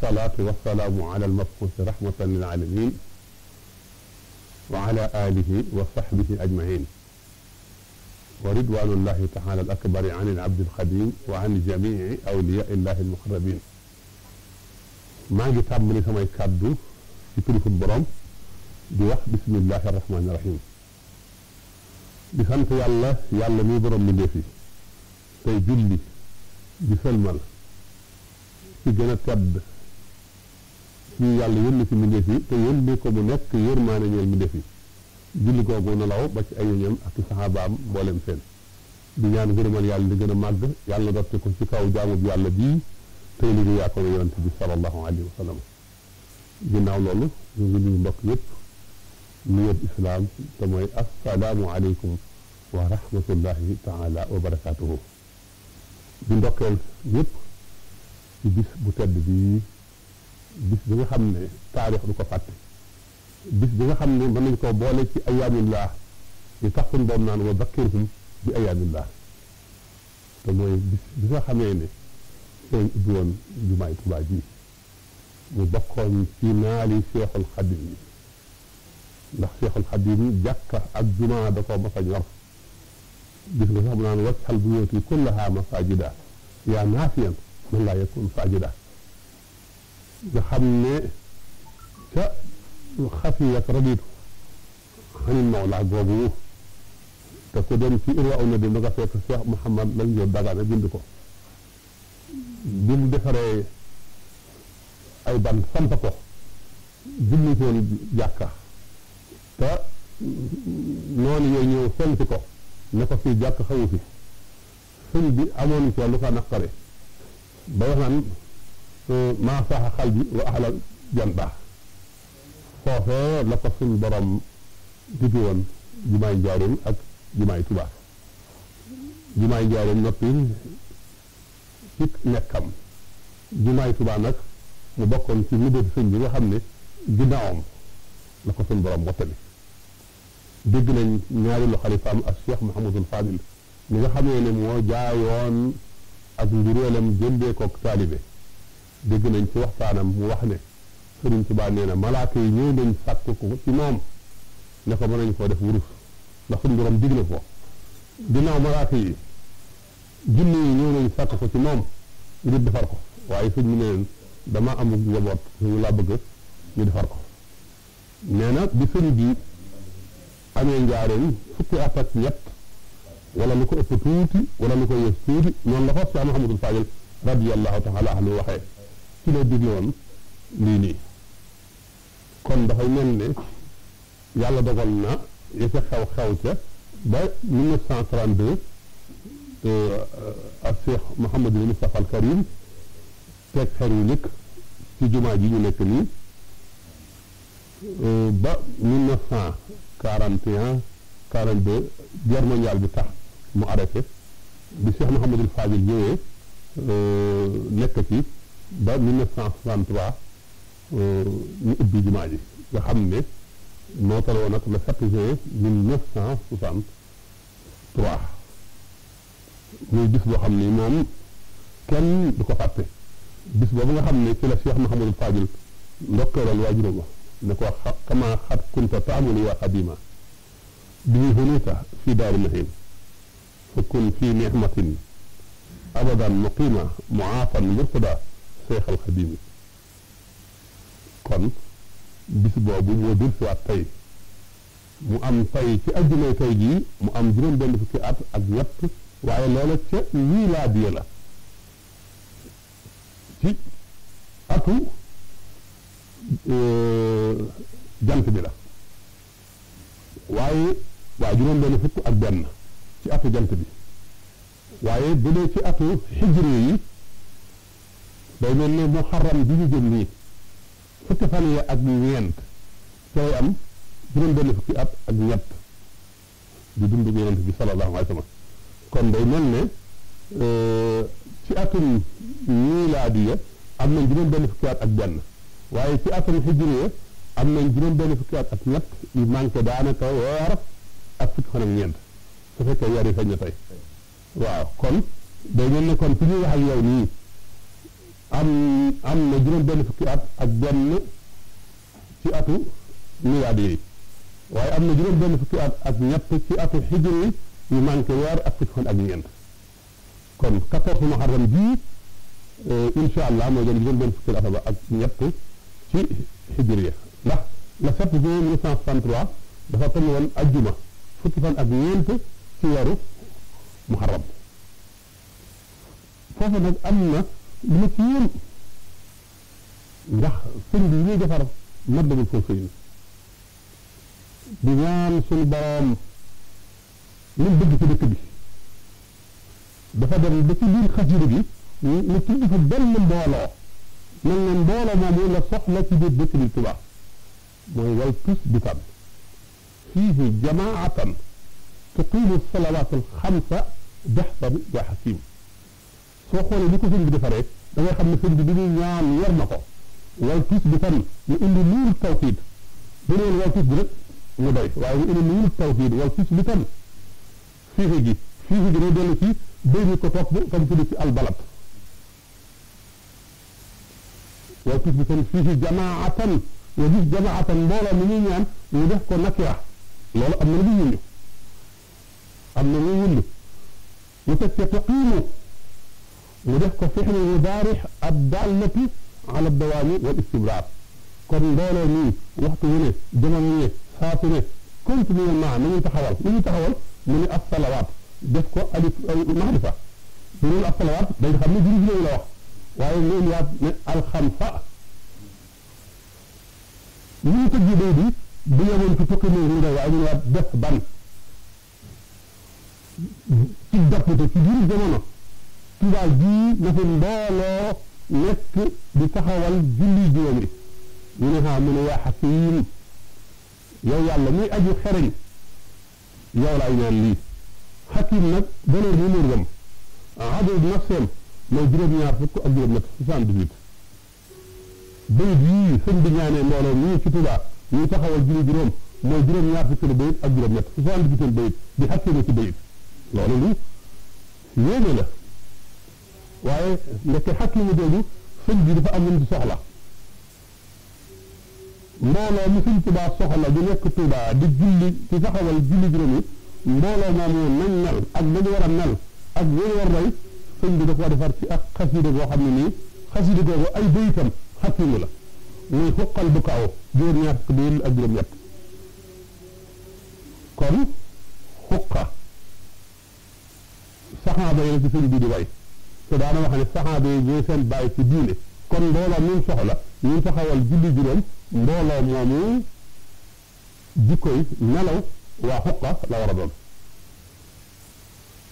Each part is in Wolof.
salaatu wasalaamu ala almabuusi rahmatan lil alamin wa ala alihi wa sahbihi ajmain wa ridwanullahi taala al akbari an al abdi alxadim wa an jamii awliyaa illahi almuqarrabin maa ngi tàmbali samay kàddu ci turiful borom di wax bismillahi arrahmani irrahim di sant yàlla yàlla mi borom mi ndeefi tey julli di sëlmal ci gën a tedd fii yàlla yónni fi mbindeef yi te yónni ko mu nekk yërmaane ñeel mbindeef yi julli googu a law ba ci ay ñoñam ak i saxaabaam mboolem seen di ñaan ngërëmal yàlla di gën a màgg yàlla dotti ko ci kaw jaamu yàlla bii tey liggéey yaa ko yonent bi sallallahu alayhi wa sallam ginnaaw loolu ñu ngi nuyu yëpp nu islaam te mooy assalaamu aleykum wa rahmatullahi taala wa barakatuhu yëpp ci bis bu tedd bii bis bi nga xam ne taarix du ko fàtte bis bi nga xam ne mën nañ koo boole ci ayaamillah yi tax suñ boobu naan wa bakkirhum bi ayaamillah bi nga xamee ne seen ubbi ji mu bokkoon ci naali Seexul Xadim yi ndax ak jumaa da koo mas a ñor gis nga sax mu naan waccal bu yóoti masajida yaa naafiyan man laa yakun sajida nga xam ne ca xafiyat raditu xanil mawla googu te ku dem ci irwa una bi ma nga fekk Cheikh Mouhamad lañ jël dagaana bind ko bi mu defaree ay ban samp ko julli ci woon jàkka te noonu yooyu ñëw fenk ko ne ko fii jàkk xawu fi sëñ bi amoon ci lu ko naqare ba wax maa saxa xal bi wa ahlal jan baax foofee la ko suñ borom dipi woon jumaay njaareem ak jumaay Tuubaa jumaay njaareem noppi ci nekkam jumaay Tuubaa nag mu bokkoon ci mébétu sëñ bi nga xam ne ginnaawam la ko suñ borom wattali dégg nañ ñaareelu xalifaam ak Cheikh Mouhamadul Fadil mi nga xamee ne moo jaayoon ak mbireelam jëndee kook taalibe dégg nañ ci waxtaanam mu wax ne Sëriñ Tuubaa nee na malaaka yi ñëw nañ sàkk ko ci moom ne ma mën nañ koo def wurus ndax suñu borom dig na ko ginnaaw malaaka yi junni yi ñëw nañ sàkk ko ci moom ngir defar ko waaye sëñ bi ne leen dama amul njaboot suñu laa bëgg defar ko nee na bi sëñ bi amee njaareen fukki at ak ñett wala lu ko ëpp tuuti wala lu ko yës tuuti noonu la ko Cheikh Mouhamadou Fadel radiyallahu taala anhu waxee ci la digle woon lii nii kon dafay mel ne yàlla dogal na ya ca xew xew ca ba 1932 euh, euh, ak Cheikh Mouhamadul Moustapha al Karim teg xer yu njëkk jumaa ji ñu nekk nii euh, ba 1941 42 guerre mondiale bi tax mu arrêté bi Cheikh Mouhamadul Fadil ñëwee nekk ci. ba 1963 euh, ñu ubbi jumaa ji nga xam ne nootaloo nag le 7 juin 1963 muy bis boo xam ni moom kenn du ko fàtte bis boobu nga xam ne ci la Cheikh Mahamadou Fadil ndokkeelal waajuram wa ne ko kama xat kunta taamuli wa xadima bihi hunita fi daari mahin fa kun fi nicmatin abadan muqima muaafan murtada seexal xadim yi kon bis boobu moo tey mu am tey ci ajjumay tey jii mu am juróom benn fukki at ak ñett waaye loola ca miilaadiya la ci atu e, jant bi la waaye waa juróom benn fukk ak benn ci atu jant bi waaye bu ci atu xijri day mel ne muharram bi ñu jëm nii fukki fan yi ak ñeent cay am juróom benn fukki at ak ñett di dund yonent bi sallallahu alayhi wa kon day mel ne euh, ci atum miilaadiya am nañ juróom benn fukki ak benn waaye ci atum hijriya am nañ juróom benn fukki at ak ñett yu manqué daanaka weer ak fukki fan ak ñeent su fekkee weer yi feeñ na waaw kon day mel ne kon fi ñuy wax ak yow nii am am na juróom fukki at ak benn ci atu milaadi yi am na juróom benn fukki at ak ñett ci atu xijri yu manqué weer ak fukki fan ak ñeent kon 14 muharram bii euh, incha allah mooy doon juróom benn at ak ñett ci xijriya ndax le 7 dafa toll fukki fan ak ñeent ci na lu ma ci yéen ndax sëñ bi ñuy defar Matlabul Fawzayni di ñaan suñu boroom lu mu bëgg ci dëkk bi dafa dem ba ci biir xasida gi mu tudd fa benn mbooloo mel ne mbooloo moomu la soxla ci biir dëkk bi Tuubaa mooy wal tus bi tam fiihi jamaatan tuqimu salawaat alxamsa jaxsan wa xasim soo xoolee ni ko sëñ bi defaree da ngay xam ne sëñ bi li muy ñaan yor ko wal tiis bi tam mu indi nuur tawxiid bu ne woon wal tiis bi rek mu doy waaye mu bi tam fiixi gi fiixi gi day dellu ci mi ko topp comme tudd ci albalat wal tiis bi tam fiixi jamaatan ñaan mu ko nakira loolu am na lu muy yëngu am na lu mu def ko fixlu mudaarix ad dallati ala dawaami wal istibraar kon mbooloo nii waxtu wu ne jamono ne saatu ne continue ma na ñuy taxawal na ñuy taxawal mu ne as salawaat def ko alif maxrifa bu loolu as salawaat dañ xam ne juri juróom la wax waaye mu indiwaat ne alxamsa li ñu tëjji bay bi bu yemoon ci fukki néew mu doy waaye ñu waat def ban ci dapte ci biir jamono Tuubaa gii na fi mbooloo nekk di taxawal julli juróomi ñu ne xaa mu ne yaa xakiim yow yàlla muy aju xereñ yow laay ñaan lii xakiim nag valeur bi murgam adad nafseem mooy juróom-ñaar fukk ak juróom-ñett soixante-dix-huit bayit yii bi ñaanee mbooloo mii ci Tuubaa ñuy taxawal julli juróom mooy juróom-ñaar ak juróom-ñett soixante-dix-huit bayit di loolu li yéene la waaye ndeke xakimu jooju sëñ bi dafa am lu mu soxla mbooloo mu sëñ Tuubaa di nekk Tuubaa di julli ci saxawal julli juróomi mbooloo moomu nañ mel ak dañu war a mel ak dañu war roy sëñ bi da koo defar ci ak xasida boo xam ne nii xasida googu ay béytam xakimu la muy xuqal bu kaaw jóor ñaar fukk biir ak juróom kon xuqa saxaaba yi ci sëñ di way te daana wax ne saxaaba yi ñooy seen bàyyi ci diine kon mbooloo mi soxla ñu taxawal julli juróom mbooloo moomu jikkoy nelaw waa xuqa la war a doon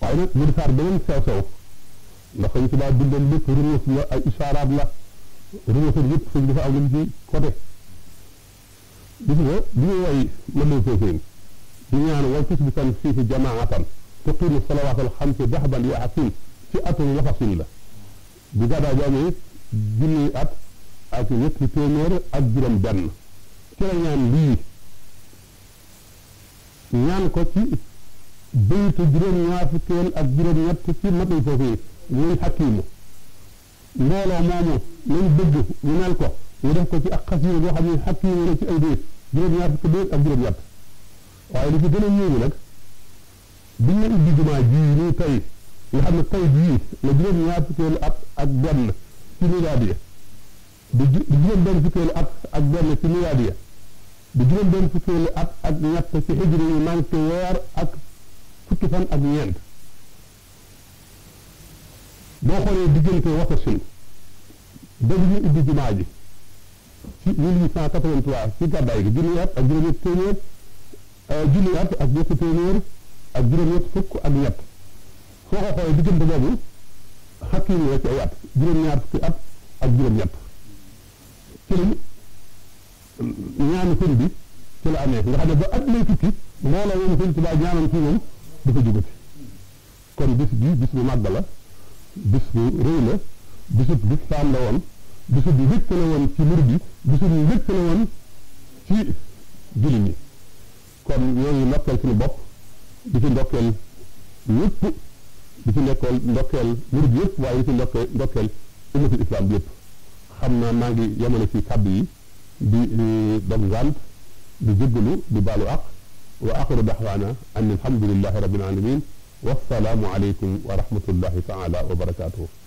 waaye nag mu defaat ndax sañ ci daa bindal lépp rumus la ay isaaraat la rumusul yëpp suñ dafa am la ci côté gis nga bi ñu woy mën nañ foo seen di ñaan wal tis bi tan fii fi jamaatan tuqimu salawaatal xamsi dahban ci atum lafasin la bu gàddaa bi amee junni at ak ñetti téeméer ak juróom benn ci ñaan lii ñaan ko ci baytu juróom-ñaar fukkeel ak juróom-ñett ci matul foofu yi muy xakiimu mbooloo moomu lañ bëgg ñu mel ko ñu def ko ci ak xas yi boo xam ne xakiimu la ci ay déet juróom-ñaar fukki déet ak juróom-ñett waaye li ci gën a ñëw nag biñ la ubbi jumaa nga xam ne tey jii la juróom-ñaar fukkeelu at ak benn ci milaadiya di juróom-benn fukkeelu at ak benn ci milaadiya di juróom-benn fukkeelu at ak ñett ci hijri yi manqué weer ak fukki fan ak ñeent boo xoolee diggante Wakasin ba bi ñu ubbi jumaa ji ci 1883 ci gàddaay gi junni at ak juróom-ñett téeméer euh, junni at ak ñetti téeméer ak juróom-ñett fukk ak ñett soo ko xoolee diggante boobu xakim la ci ay at juróom bi ci nga xam ne ba at lay tukki kon bis bi bis bu màgg la bis bu rëy la bisub lislaam la ndokkeel ñëpp di ci nekkoon ndokkeel murid yëpp waaye di ci ndokkeel ndokkeel ummatul islam bi yëpp xam naa maa ngi yemale ci kàddu yi di dog ngant di jéggalu di baalu àq wa axiru daxwaana an alhamdulilahi rabbil alamin wassalaamu aleykum wa rahmatullahi taala wa barakatuhu